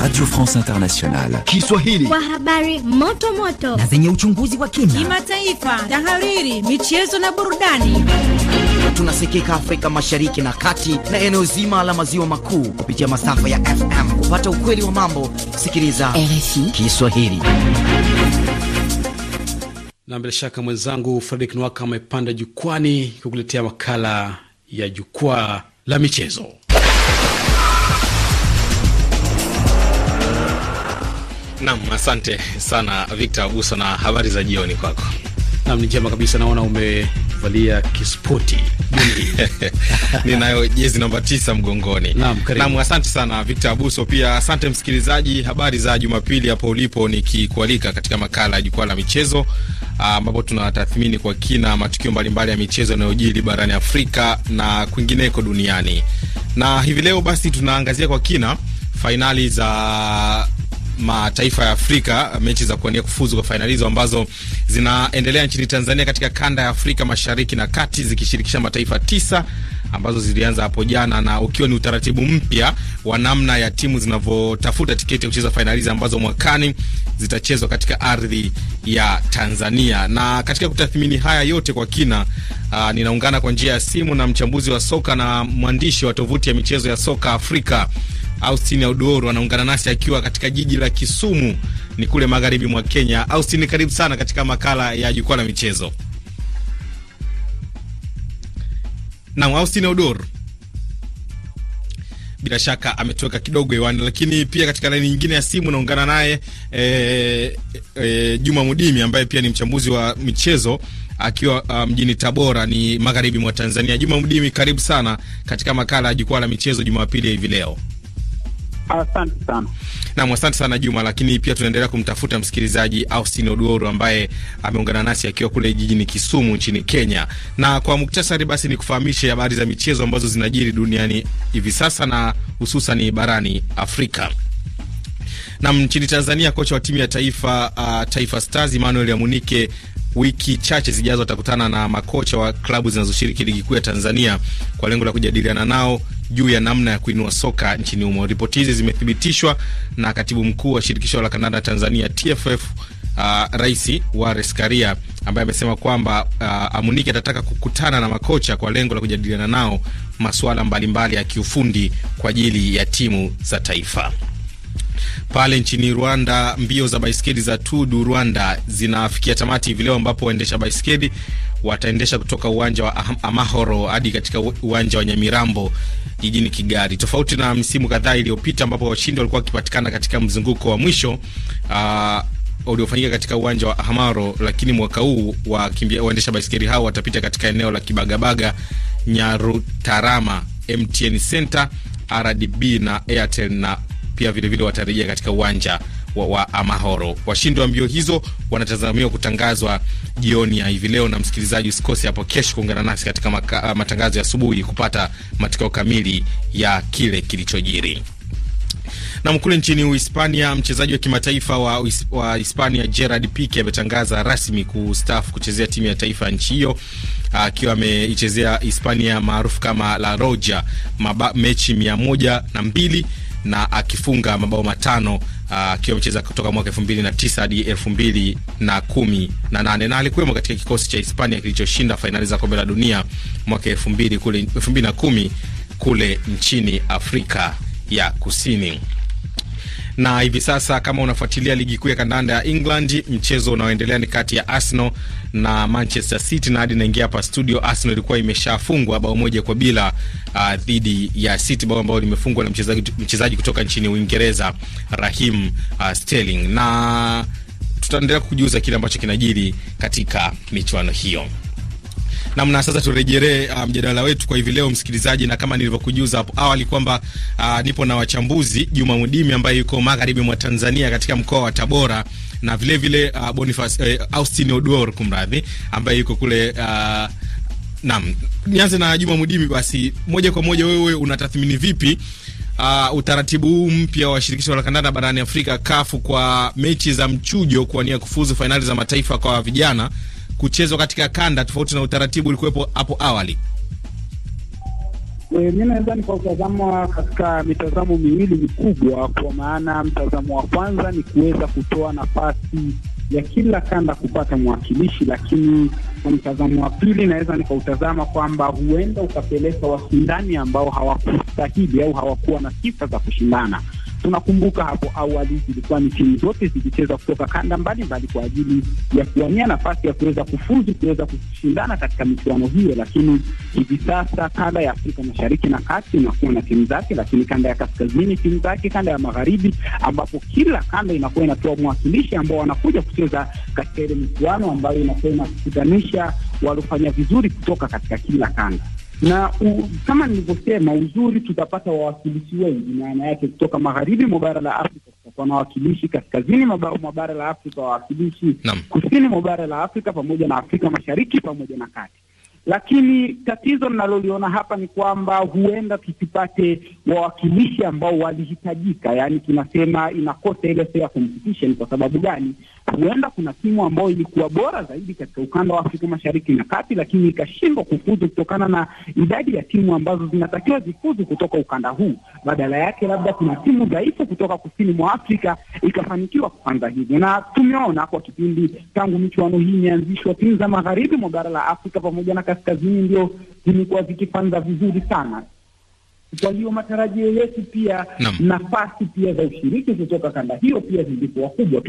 Radio France Internationale Kiswahili kwa habari moto moto na zenye uchunguzi wa kina, kimataifa, tahariri, michezo na burudani. Tunasikika Afrika Mashariki na Kati na eneo zima la maziwa makuu kupitia masafa ya FM. Kupata ukweli wa mambo, sikiliza RFI Kiswahili. Na bila shaka mwenzangu Fredrick Nwaka amepanda jukwani kukuletea makala ya jukwaa la michezo. Nam, asante sana Victor Abuso, na habari za jioni kwako. Nam, ni njema kabisa, naona umevalia kispoti ninayo jezi namba tisa mgongoni. Nam, nam, asante sana Victor Abuso, pia asante msikilizaji. Habari za Jumapili hapo ulipo, nikikualika katika makala ya jukwaa la michezo ambapo tunatathmini kwa kina matukio mbalimbali ya michezo yanayojiri barani Afrika na kwingineko duniani, na hivi leo basi tunaangazia kwa kina fainali za mataifa ya Afrika, mechi za kuania kufuzu kwa fainali hizo ambazo zinaendelea nchini Tanzania katika kanda ya Afrika Mashariki na Kati zikishirikisha mataifa tisa ambazo zilianza hapo jana, na ukiwa ni utaratibu mpya wa namna ya timu zinavyotafuta tiketi ya kucheza fainali ambazo mwakani zitachezwa katika ardhi ya Tanzania. Na katika kutathmini haya yote kwa kina, uh, ninaungana kwa njia ya simu na mchambuzi wa soka na mwandishi wa tovuti ya michezo ya soka Afrika Austin Audoro anaungana nasi akiwa katika jiji la Kisumu, ni kule magharibi mwa Kenya. Austin, karibu sana katika makala ya jukwaa la michezo. Naam, Austin Audoro bila shaka ametoweka kidogo hewani, lakini pia katika laini nyingine ya simu naungana naye e, e, Juma Mudimi ambaye pia ni mchambuzi wa michezo akiwa ah, mjini um, Tabora ni magharibi mwa Tanzania. Juma Mudimi, karibu sana katika makala ya jukwaa la michezo Jumapili hivi leo. Asante sana. Naam, asante sana Juma, lakini pia tunaendelea kumtafuta msikilizaji Austin Oduoru ambaye ameungana nasi akiwa kule jijini Kisumu nchini Kenya. Na kwa muktasari basi ni kufahamishe habari za michezo ambazo zinajiri duniani hivi sasa na hususan barani Afrika. Nam, nchini Tanzania, kocha wa timu ya taifa uh, Taifa Stars Emmanuel Amunike wiki chache zijazo atakutana na makocha wa klabu zinazoshiriki ligi kuu ya Tanzania kwa lengo la kujadiliana nao juu ya namna ya kuinua soka nchini humo. Ripoti hizi zimethibitishwa na katibu mkuu wa shirikisho la kandanda Tanzania TFF Uh, Rais wa Reskaria ambaye amesema kwamba uh, Amuniki atataka kukutana na makocha kwa lengo la kujadiliana nao masuala mbalimbali ya kiufundi kwa ajili ya timu za taifa. Pale nchini Rwanda, mbio za baiskeli za Tour du Rwanda zinafikia tamati hivi leo ambapo waendesha baiskeli wataendesha kutoka uwanja wa Amahoro hadi katika uwanja wa Nyamirambo jijini Kigali, tofauti na misimu kadhaa iliyopita ambapo washindi walikuwa wakipatikana katika mzunguko wa mwisho uh, uliofanyika katika uwanja wa Amahoro. Lakini mwaka huu waendesha baiskeli hao watapita katika eneo la Kibagabaga, Nyarutarama, MTN Center, RDB na Airtel na pia vilevile watarejea katika uwanja wa, wa Amahoro. Washindi wa mbio hizo wanatazamiwa kutangazwa jioni ya hivi leo, na msikilizaji usikose hapo kesho kuungana nasi katika maka, ah, matangazo ya asubuhi kupata matokeo kamili ya kile kilichojiri. Na kule nchini Uhispania, mchezaji wa kimataifa wa, wa Hispania Gerard Pique ametangaza rasmi kustaafu kuchezea timu ya taifa ya nchi hiyo akiwa ameichezea Hispania maarufu kama La Roja mechi mia moja na mbili na akifunga mabao matano Ah, akiwa amecheza kutoka mwaka tisa hadi mbili na, na alikuwemo katika kikosi cha Hispania kilichoshinda fainali za kombe la dunia mwaka mbili kule kumi kule nchini Afrika ya Kusini na hivi sasa kama unafuatilia ligi kuu ya kandanda ya England, mchezo unaoendelea ni kati ya Arsenal na Manchester City, na hadi naingia hapa studio, Arsenal ilikuwa imeshafungwa bao moja kwa bila uh, dhidi ya City, bao ambao limefungwa na mchezaji, mchezaji kutoka nchini Uingereza Raheem uh, Sterling, na tutaendelea kukujuza kile ambacho kinajiri katika michuano hiyo namna. Sasa turejelee uh, mjadala um, wetu kwa hivi leo, msikilizaji, na kama nilivyokujuza hapo awali kwamba uh, nipo na wachambuzi Juma Mudimi ambaye yuko magharibi mwa Tanzania katika mkoa wa Tabora na vile vile uh, Boniface uh, Austin Odwor kumradhi, ambaye yuko kule uh, Naam, nianze na Juma Mudimi basi, moja kwa moja, wewe unatathmini vipi uh, utaratibu huu mpya wa shirikisho la kandanda barani Afrika kafu kwa mechi za mchujo kuwania kufuzu fainali za mataifa kwa vijana kuchezwa katika kanda tofauti na utaratibu ulikuwepo hapo awali? Eh, Mi naweza nikautazama katika mitazamo miwili mikubwa, kwa maana mtazamo wa kwanza ni kuweza kutoa nafasi ya kila kanda kupata mwakilishi, lakini kwa mtazamo wa pili naweza nikautazama kwamba huenda ukapeleka washindani ambao hawakustahili au hawakuwa na sifa za kushindana. Tunakumbuka hapo awali zilikuwa ni timu zote zilicheza kutoka kanda mbalimbali kwa ajili ya kuwania nafasi ya kuweza kufuzu kuweza kushindana katika michuano hiyo, lakini hivi sasa kanda ya Afrika Mashariki na Kati inakuwa na timu zake, lakini kanda ya kaskazini timu zake, kanda ya magharibi, ambapo kila kanda inakuwa inatoa mwakilishi ambao wanakuja kucheza katika ile michuano ambayo inakuwa inakutanisha waliofanya vizuri kutoka katika kila kanda na u, kama nilivyosema, uzuri tutapata wawakilishi wengi, maana yake kutoka magharibi mwa bara la Afrika tutakuwa na wawakilishi, kaskazini mwa bara la Afrika wawakilishi, kusini mwa bara la Afrika pamoja na Afrika Mashariki pamoja na kati lakini tatizo linaloliona hapa ni kwamba huenda tusipate wawakilishi ambao walihitajika, yaani tunasema inakosa ile fair competition. Kwa sababu gani? Huenda kuna timu ambayo ilikuwa bora zaidi katika ukanda wa Afrika Mashariki na Kati, lakini ikashindwa kufuzu kutokana na idadi ya timu ambazo zinatakiwa zifuzu kutoka ukanda huu. Badala yake, labda kuna timu dhaifu kutoka kusini mwa Afrika ikafanikiwa kufanya hivyo, na tumeona kwa kipindi tangu michuano hii imeanzishwa, timu za magharibi mwa bara la Afrika pamoja na kaskazini ndio zimekuwa zikipanda vizuri sana kwa hiyo matarajio yetu pia no. nafasi pia za ushiriki kutoka kanda hiyo pia zilikuwa kubwa.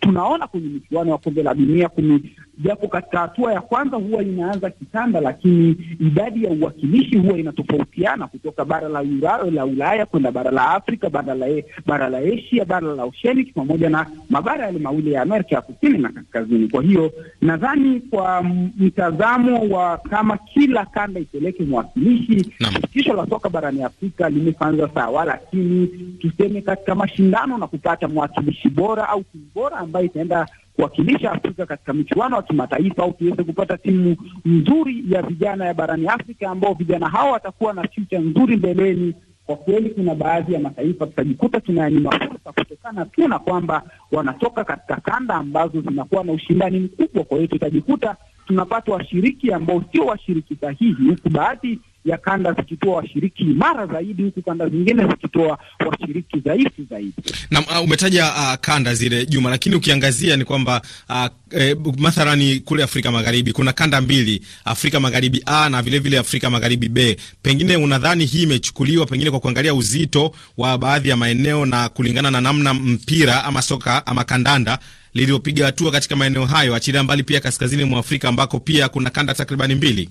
Tunaona kwenye michuano ya kombe la dunia kumi, japo katika hatua ya kwanza huwa inaanza kitanda, lakini idadi ya uwakilishi huwa inatofautiana kutoka bara la Ulaya, la Ulaya kwenda bara la Afrika, bara la e, bara la Asia, bara la Oceanic pamoja na mabara yale mawili ya Amerika ya kusini na kaskazini. Kwa hiyo nadhani kwa mtazamo wa kama kila kanda ipeleke mwakilishi, shirikisho la soka barani Afrika limefanza sawa, lakini tuseme katika mashindano na kupata mwakilishi bora au timu bora ambayo itaenda kuwakilisha Afrika katika michuano ya kimataifa au tuweze kupata timu nzuri ya vijana ya barani Afrika ambao vijana hao watakuwa na future nzuri mbeleni. Kwa kweli kuna baadhi ya mataifa tutajikuta tunayanyima fursa kutokana tu na kwamba wanatoka katika kanda ambazo zinakuwa na ushindani mkubwa. Kwa hiyo tutajikuta tunapata washiriki ambao sio washiriki sahihi, huku baadhi ya kanda zikitoa washiriki imara zaidi, huku kanda zingine zikitoa washiriki dhaifu zaidi. Na uh, ah, umetaja uh, kanda zile Juma, lakini ukiangazia ni kwamba uh, eh, mathalani kule Afrika Magharibi kuna kanda mbili, Afrika Magharibi A na vilevile vile Afrika Magharibi B. Pengine unadhani hii imechukuliwa pengine kwa kuangalia uzito wa baadhi ya maeneo na kulingana na namna mpira ama soka ama kandanda liliopiga hatua katika maeneo hayo, achilia mbali pia kaskazini mwa Afrika ambako pia kuna kanda takribani mbili.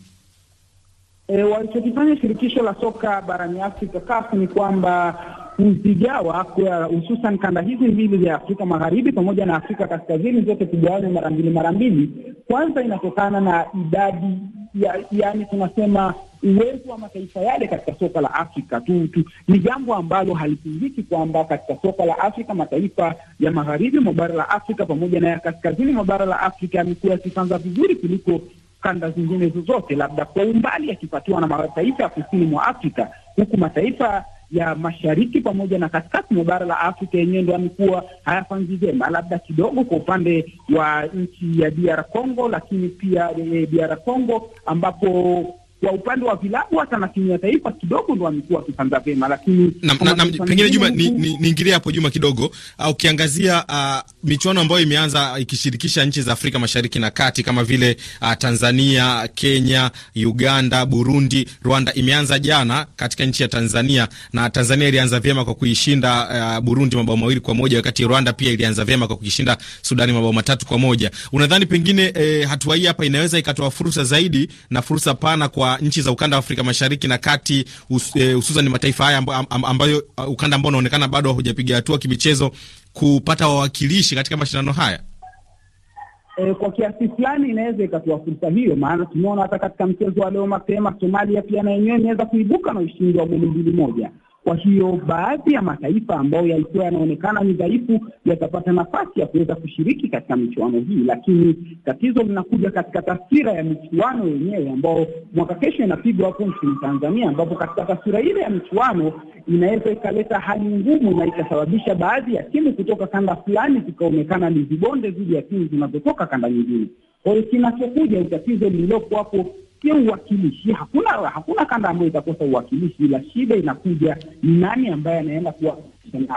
E, walichokifanya shirikisho la soka barani Afrika CAF ni kwamba kuzigawa hususan kanda hizi mbili za Afrika Magharibi pamoja na Afrika Kaskazini, zote kugawane mara mbili mara mbili. Kwanza inatokana na idadi ya, yaani tunasema uwezo wa mataifa yale katika soka la Afrika tu, tu ni jambo ambalo halipingiki kwamba katika soka la Afrika mataifa ya magharibi mwa bara la Afrika pamoja na ya kaskazini mwa bara la Afrika yamekuwa yakifanza vizuri kuliko kanda zingine zozote, labda kwa umbali akipatiwa na mataifa ya kusini mwa Afrika, huku mataifa ya mashariki pamoja na katikati mwa bara la Afrika yenyewe ndo amekuwa hayafanyi vyema, labda kidogo kwa upande wa nchi ya DR Congo, lakini pia eh, DR Congo ambapo kwa upande wa vilabu hata na timu ya taifa kidogo ndo amekuwa wakipanga vyema, lakini na, na, na, pengine Juma niingilie ni, hapo Juma kidogo, ukiangazia uh, michuano ambayo imeanza ikishirikisha nchi za Afrika Mashariki na Kati kama vile uh, Tanzania, Kenya, Uganda, Burundi, Rwanda imeanza jana katika nchi ya Tanzania, na Tanzania ilianza vyema kwa kuishinda uh, Burundi mabao mawili kwa moja, wakati Rwanda pia ilianza vyema kwa kuishinda Sudani mabao matatu kwa moja. Unadhani pengine eh, hatua hii hapa inaweza ikatoa fursa zaidi na fursa pana kwa nchi za ukanda wa Afrika Mashariki na Kati, eh, hususan mataifa haya ambayo uh, ukanda ambao unaonekana bado haujapiga hatua kimichezo kupata wawakilishi katika mashindano haya? E, kwa kiasi fulani inaweza ikatoa fursa hiyo, maana tumeona hata katika mchezo wa leo mapema Somalia pia na yenyewe imeweza kuibuka na ushindi wa goli mbili moja. Kwa hiyo baadhi ya mataifa ambayo yalikuwa yanaonekana ni dhaifu yatapata nafasi ya kuweza kushiriki katika michuano hii, lakini tatizo linakuja katika taswira ya michuano yenyewe ambao mwaka kesho inapigwa hapo nchini Tanzania, ambapo katika taswira ile ya michuano inaweza ikaleta hali ngumu na ikasababisha baadhi ya timu kutoka kanda fulani zikaonekana ni vibonde dhidi ya timu zinazotoka kanda nyingine. Kwa hiyo kinachokuja tatizo hapo sio uwakilishi. Hakuna hakuna kanda ambayo itakosa uwakilishi, ila shida inakuja ni nani ambaye anaenda kuwa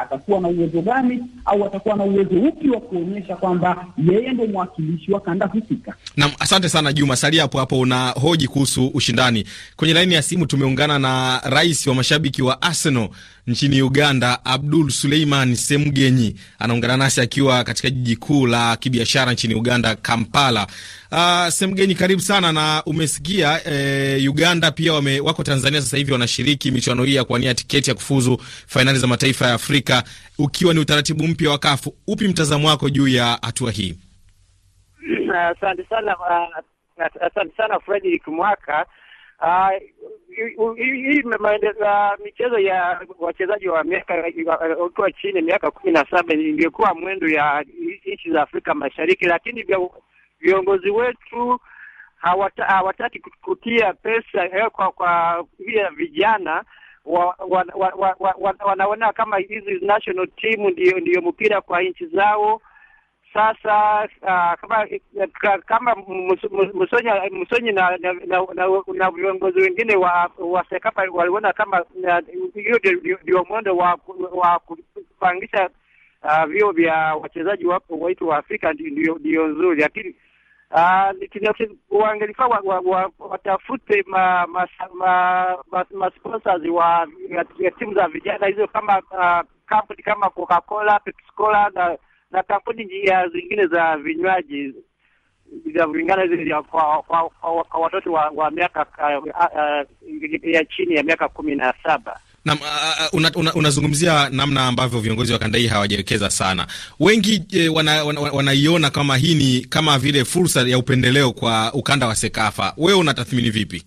atakuwa na uwezo gani au atakuwa na uwezo upi wa kuonyesha kwamba yeye ndio mwakilishi wa kanda husika. Naam, asante sana Juma. Salia hapo hapo, una hoji kuhusu ushindani. Kwenye laini ya simu tumeungana na rais wa mashabiki wa Arsenal nchini Uganda, Abdul Suleiman Semgenyi anaungana nasi akiwa katika jiji kuu la kibiashara nchini Uganda, Kampala. Uh, Semgenyi, karibu sana na umesikia eh, Uganda pia wame, wako Tanzania sasa hivi wanashiriki michuano hii ya kuania tiketi ya kufuzu fainali za mataifa ya Afrika, ukiwa ni utaratibu mpya wa kafu. Upi mtazamo wako juu ya hatua hii? Asante sana uh, asante uh, sana Frederick Mwaka. Hii uh, uh, michezo ya wachezaji wa miaka wakiwa uh, chini miaka kumi na saba ingekuwa mwendo ya nchi za Afrika Mashariki, lakini viongozi wetu hawata, hawataki kutia pesa eh, kwa kwa vile vijana wa, wa, wa, wa, wa, wa, wanaona kama hizi national team ndio ndio mpira kwa nchi zao. Sasa uh, kama kama Musonyi na na, na, na, na viongozi wengine wa wa Sekapa waliona kama hiyo ndio mwendo wa wa kupangisha uh, ah, vio vya wachezaji wapo waitu wa Afrika ndio nzuri, lakini Ah, wangelifaa watafute wa ya timu za vijana hizo, kama ah, kampuni kama Coca-Cola, Pepsi-Cola na na kampuni zingine za vinywaji zinavyoingana kwa watoto wa miaka ya chini ya miaka kumi na saba. Na, uh, unazungumzia uh, una, una namna ambavyo viongozi wa kandai hawajawekeza sana. Wengi eh, wanaiona wana, wana kama hii ni kama vile fursa ya upendeleo kwa ukanda wa Sekafa. Wewe unatathmini vipi?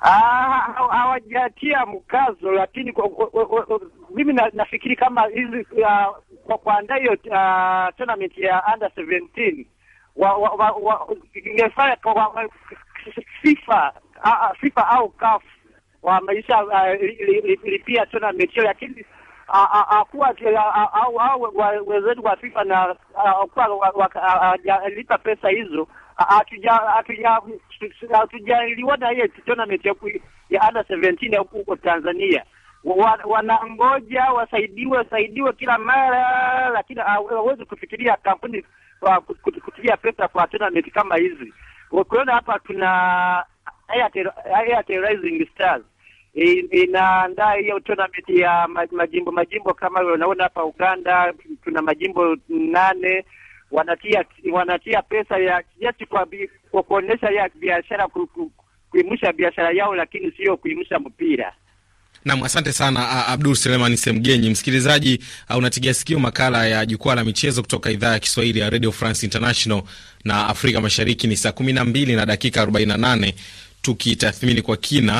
Ah, hawajatia mkazo, lakini mimi nafikiri kama hizi kwa kuandaa hiyo ah, tournament ya under 17 ingefanya sifa ah, au kafu wa maisha uh, lipia tena mechi, lakini hakuwa au wenzetu wa FIFA na lipa pesa hizo hatujaliona hiye tournament ya under 17 huko Tanzania. Wanangoja wasaidiwe wasaidiwe kila mara, lakini hawezi kufikiria kampuni kutumia pesa kwa tournament kama hizi. Ukiona hapa tuna Airtel, Rising Stars inaandaa eh, eh, hiyo tournament ya majimbo majimbo, kama unaona hapa Uganda tuna majimbo nane. Wanatia wanatia pesa ya kiasi kwa, kwa kuonesha ya biashara kuimusha biashara yao, lakini sio kuimusha mpira. Nam, asante sana Abdul Suleman Semgenyi. Msikilizaji, unatigia sikio makala ya jukwaa la michezo kutoka idhaa ya Kiswahili ya Radio France International, na Afrika Mashariki ni saa 12 na dakika 48 tukitathmini kwa kina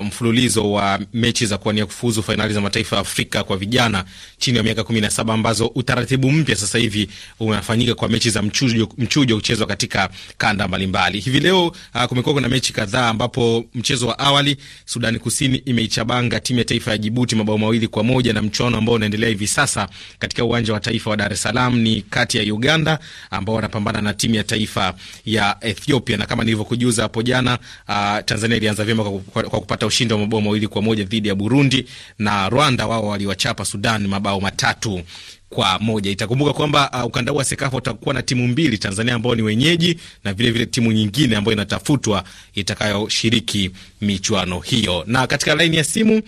uh, mfululizo wa mechi za kuwania kufuzu fainali za mataifa ya Afrika kwa vijana chini ya miaka kumi na saba ambazo utaratibu mpya sasa hivi unafanyika kwa mechi za mchujo, mchujo kuchezwa katika kanda mbalimbali. Hivi leo uh, kumekuwa kuna mechi kadhaa ambapo mchezo wa awali Sudani Kusini imeichabanga timu ya taifa ya Jibuti mabao mawili kwa moja, na mchuano ambao unaendelea hivi sasa katika uwanja wa taifa wa Dar es Salaam ni kati ya Uganda ambao wanapambana na timu ya taifa ya Ethiopia, na kama nilivyokujuza hapo jana uh, Tanzania ilianza vyema kwa, kwa kupata ushindi wa mabao mawili kwa moja dhidi ya Burundi na Rwanda wao waliwachapa Sudan mabao matatu kwa moja. Itakumbuka kwamba uh, ukanda wa Sekafa utakuwa na timu mbili, Tanzania ambao ni wenyeji na vile vile timu nyingine ambayo inatafutwa itakayoshiriki michuano hiyo. Na katika laini ya simu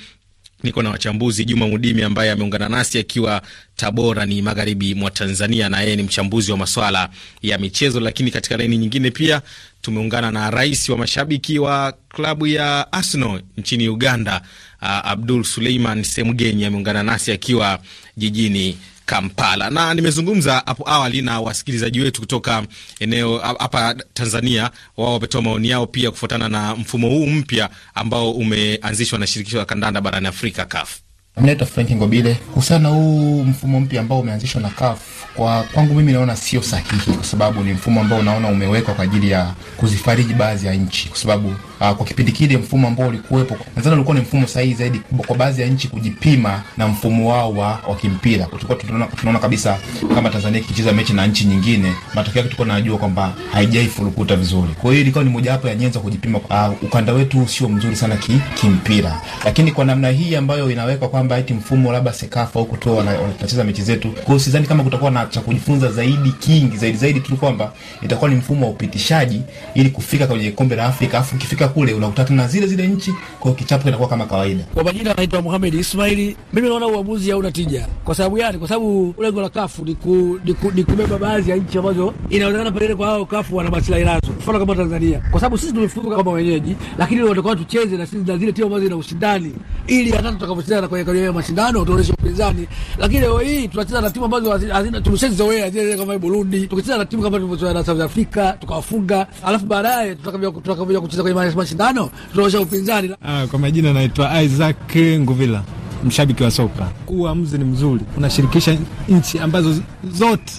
niko na wachambuzi Juma Mudimi ambaye ameungana nasi akiwa Tabora ni magharibi mwa Tanzania, na yeye ni mchambuzi wa maswala ya michezo. Lakini katika laini nyingine pia tumeungana na rais wa mashabiki wa klabu ya Arsenal nchini Uganda, uh, Abdul Suleiman Semgenyi ameungana nasi akiwa jijini Kampala. Na nimezungumza hapo awali na wasikilizaji wetu kutoka eneo hapa Tanzania, wao wametoa maoni yao pia kufuatana na mfumo huu mpya ambao umeanzishwa na shirikisho la kandanda barani Afrika, kafu Naitwa Frank Ngobile. Kuhusiana na huu mfumo mpya ambao umeanzishwa na CAF, kwa kwangu mimi naona sio sahihi, kwa sababu ni mfumo ambao unaona umewekwa kwa ajili ya kuzifariji baadhi ya nchi, kwa sababu uh, kwa kipindi kile mfumo ambao ulikuwepo nadhani ulikuwa ni mfumo sahihi zaidi kwa baadhi ya nchi kujipima na mfumo wao wa, wa kimpira. Tulikuwa tunaona, tunaona kabisa kama Tanzania ikicheza mechi na nchi nyingine, matokeo yake tulikuwa tunajua kwamba haijai furukuta vizuri. Kwa hiyo ilikuwa ni mojawapo ya nyenzo kujipima. Uh, ukanda wetu sio mzuri sana ki, kimpira, lakini kwa namna hii ambayo inawekwa kwa kwamba eti mfumo labda Sekafa huko tu wanacheza mechi zetu. Kwa hiyo sidhani kama kutakuwa na cha kujifunza zaidi kingi zaidi zaidi tu kwamba itakuwa ni mfumo wa upitishaji ili kufika kwenye kombe la Afrika, afu ukifika kule unakuta tena zile zile nchi, kwa hiyo kichapo kinakuwa kama kawaida. Kwa majina anaitwa Mohamed Ismail. Mimi naona uamuzi hauna tija kwa sababu yani, kwa sababu lengo la kafu ni ku, ni kubeba baadhi ya nchi ambazo inaonekana pengine kwa hao kafu wana maslahi nazo, mfano kama Tanzania, kwa sababu sisi tumefuruka kama wenyeji, lakini watakuwa tucheze na sisi na zile timu ambazo zina ushindani ili hata tutakapocheza na kwenye kwenye mashindano tuoneshe upinzani, lakini leo hii tunacheza na timu ambazo hazina tumeshazoea zile kama Burundi, tukicheza na timu kama tulivyocheza na South Africa tukawafunga, alafu baadaye tutakavyo tutakavyo kucheza kwenye mashindano tunaonyesha upinzani. Ah, kwa majina naitwa Isaac Nguvila, mshabiki wa soka. Uamuzi ni mzuri, unashirikisha nchi ambazo zote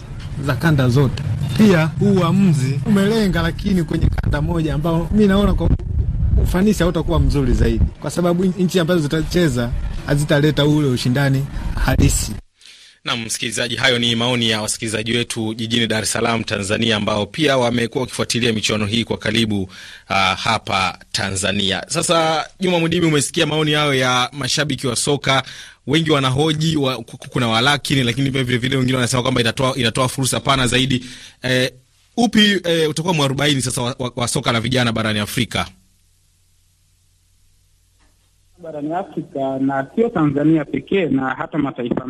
za kanda zote. Pia huu uamuzi umelenga lakini kwenye kanda moja ambao mi naona kwa ufanisi hautakuwa mzuri zaidi, kwa sababu nchi ambazo zitacheza hazitaleta ule ushindani halisi. Nam msikilizaji, hayo ni maoni ya wasikilizaji wetu jijini Dar es Salaam, Tanzania, ambao pia wamekuwa wakifuatilia michuano hii kwa karibu uh, hapa Tanzania. Sasa Juma Mudimi, umesikia maoni hayo ya mashabiki wa soka wengi wanahoji wa, kuna walakini, lakini pia vile vile wengine wanasema kwamba inatoa, inatoa fursa pana zaidi. Eh, upi eh, utakuwa mwarobaini sasa wa, wa, wa soka la vijana barani Afrika? barani Afrika na sio Tanzania pekee na hata mataifa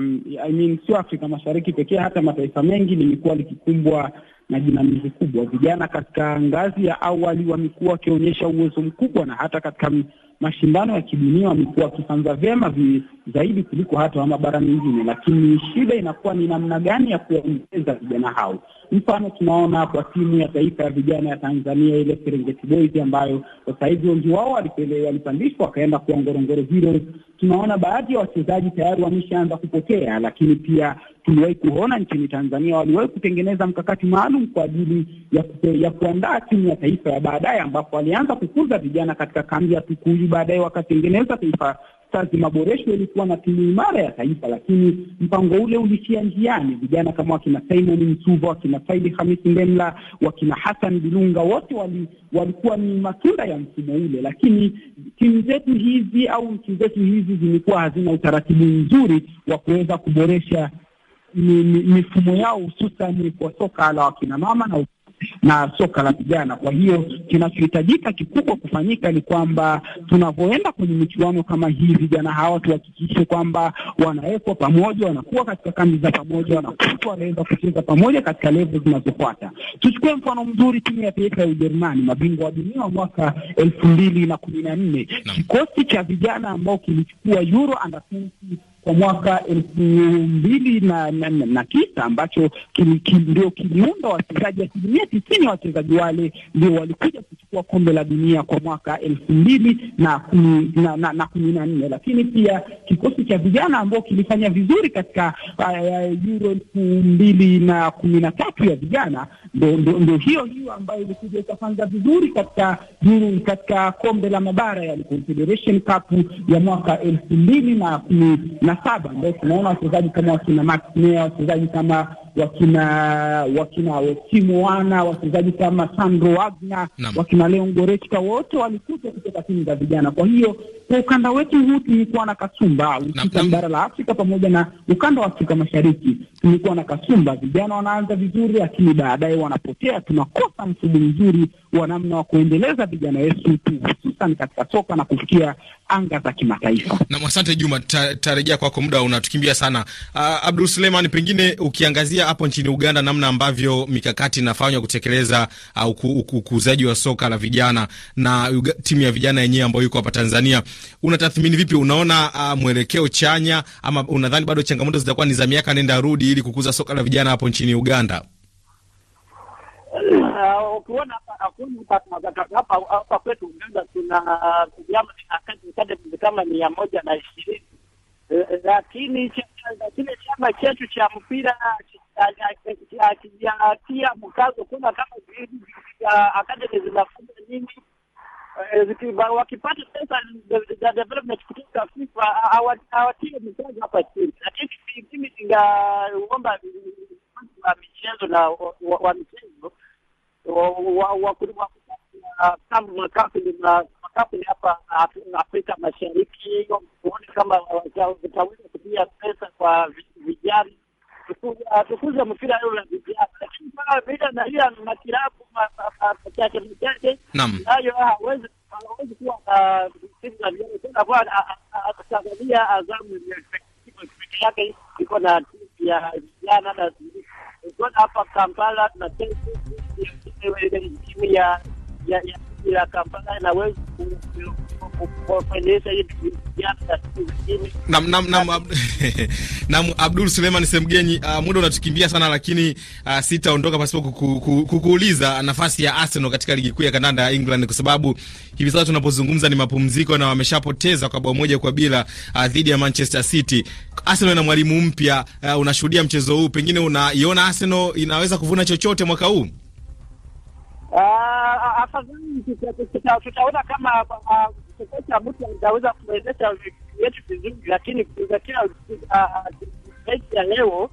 I mean, sio Afrika Mashariki pekee, hata mataifa mengi limekuwa likikumbwa na jinamizi kubwa. Vijana katika ngazi ya awali wamekuwa wakionyesha uwezo mkubwa na hata katika mashindano ya kidunia wamekuwa wakifanza vyema zaidi kuliko hata wa mabara mengine, lakini shida inakuwa ni namna gani ya kuwaongeza vijana hao. Mfano tunaona kwa timu ya taifa ya vijana ya Tanzania ile Serengeti Boys ambayo sasa hivi wengi wao walipandishwa wakaenda kuwa Ngorongoro Heroes. Tunaona baadhi ya wachezaji tayari wameshaanza kupotea, lakini pia tuliwahi kuona nchini Tanzania waliwahi kutengeneza mkakati maalum kwa ajili ya, ya kuandaa timu ya taifa ya baadaye, ambapo walianza kukuza vijana katika kambi ya Tukuyu baadaye wakatengeneza Taifa stazi Maboresho ilikuwa na timu imara ya taifa, lakini mpango ule ulishia njiani. Vijana kama wakina Simon Msuva, wakina Saidi Hamisi Ndemla, wakina Hassan Bilunga, wote wali, walikuwa ni matunda ya mfumo ule, lakini timu zetu hizi au nchi zetu hizi zilikuwa hazina utaratibu mzuri wa kuweza kuboresha mifumo yao, hususan kwa soka la wakina mama na na soka la vijana. Kwa hiyo kinachohitajika kikubwa kufanyika ni kwamba tunavyoenda kwenye michuano kama hii, vijana hawa tuhakikishe kwamba wanawekwa pamoja, wanakuwa katika kambi za pamoja, wanakuta wanaweza kucheza pamoja katika levo zinazofuata. Tuchukue mfano mzuri, timu ya taifa ya Ujerumani, mabingwa wa dunia wa mwaka elfu mbili na kumi na nne, kikosi cha vijana ambao kilichukua Euro under kwa mwaka elfu mbili na, na, na, na tisa ambacho ndio kiliunda wachezaji. Asilimia tisini ya wachezaji wale ndio walikuja kuchukua kombe la dunia kwa mwaka elfu mbili na kumi na, na, na nne, lakini pia kikosi cha vijana ambao kilifanya vizuri katika uh, uh, Euro elfu mbili na kumi na tatu ya vijana ndio hiyo hiyo ambayo ilikuja ikafanza vizuri katika juru mm, katika kombe la mabara ya Confederation Cup ya mwaka elfu mbili na kumi na na saba basi naona wachezaji kama wakina Maximea, wachezaji kama wakina wakina Wesimu wana wachezaji kama Sandro Wagner wakina Leon Goretzka wote walikuja kutoka timu za vijana. Kwa hiyo kwa ukanda wetu huu tumekuwa na kasumba hususa bara la Afrika pamoja na ukanda wa Afrika Mashariki, tumekuwa na kasumba, vijana wanaanza vizuri, lakini baadaye wanapotea. Tunakosa mfumo mzuri wa namna wa kuendeleza vijana wetu tu hususan katika soka na kufikia anga za kimataifa. Na asante Juma, tarejea kwako, muda unatukimbia sana. Uh, Abdul Suleiman, pengine ukiangazia tukianzia hapo nchini Uganda, namna ambavyo mikakati inafanywa kutekeleza uh, ukuzaji wa soka la vijana na uga, timu ya vijana yenyewe ambayo iko hapa Tanzania, unatathmini vipi? Unaona uh, mwelekeo chanya ama unadhani bado changamoto zitakuwa ni za miaka nenda rudi ili kukuza soka la vijana hapo nchini Uganda? Uh, ukiona hapa hapa kwetu Uganda tuna kama mia moja na ishirini eh, lakini chama chetu cha mpira akijatia mkazo kuna kama juhudi akademi zinafunza nyingi eh, wakipata pesa za development kutoka FIFA hawatie michezo hapa chini, lakini mimi ningaomba wa michezo na wa michezo makampuni hapa Afrika Mashariki waone kama wataweza kutia pesa kwa vijana kukuza mpira hilo la vijana, lakini mpaka vita na hiyo makilabu machache machache nayo hawezi hawezi kuwa timu za vijana tena, kwa Tanzania Azamu peke yake iko na timu ya vijana na hapa Kampala na timu ya ya Kampala inaweza Nam, nam, nam, Abdul, Abdul Suleiman Semgenyi, uh, muda unatukimbia sana lakini uh, sitaondoka pasipo kuku, nafasi ya Arsenal katika ligi kuu ya kandanda ya England kwa sababu hivi sasa tunapozungumza ni mapumziko na wameshapoteza kwa bao moja kwa bila uh, dhidi ya Manchester City. Arsenal ina mwalimu mpya uh, unashuhudia mchezo huu, pengine unaiona Arsenal inaweza kuvuna chochote mwaka huu? afadhali tutaona kama kokocha ah, mtu ataweza kuendesha yetu vizuri, lakini kuzingatia ah, mechi ya leo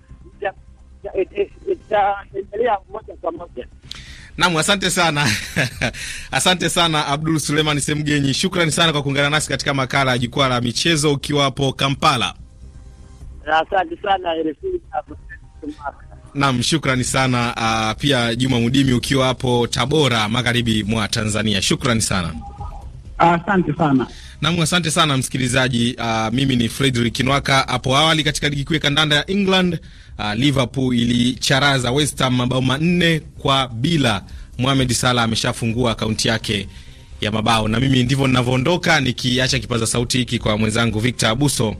itaendelea moja kwa moja. Naam, asante sana asante sana Abdul Suleiman Semgenyi, shukrani sana kwa kuungana nasi katika makala ya jukwaa la michezo ukiwa hapo Kampala. Asante sana. Nam, shukrani sana uh, pia Juma Mudimi ukiwa hapo Tabora, magharibi mwa Tanzania. Shukrani sana asante sana nam, asante sana msikilizaji. Uh, mimi ni Fredrick Nwaka. Hapo awali katika ligi kuu ya kandanda ya England uh, Liverpool ilicharaza West Ham mabao manne kwa bila. Mohamed Salah ameshafungua akaunti yake ya mabao, na mimi ndivyo ninavyoondoka nikiacha kipaza sauti hiki kwa mwenzangu Victor Abuso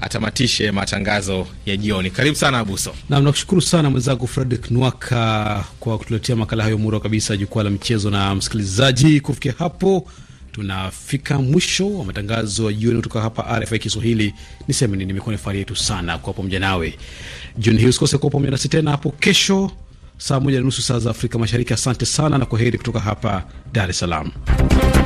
atamatishe matangazo ya jioni. Karibu sana Abuso. Nam, nakushukuru sana mwenzangu Fredrick Nwaka kwa kutuletea makala hayo mura kabisa, jukwaa la michezo. Na msikilizaji, kufikia hapo tunafika mwisho wa matangazo ya jioni kutoka hapa RFI Kiswahili. Niseme ni nimekuwa ni fahari yetu sana kuwa pamoja nawe jioni hii. Usikose kuwa pamoja nasi tena hapo kesho saa moja na nusu saa za Afrika Mashariki. Asante sana na kwa heri kutoka hapa Dar es Salaam.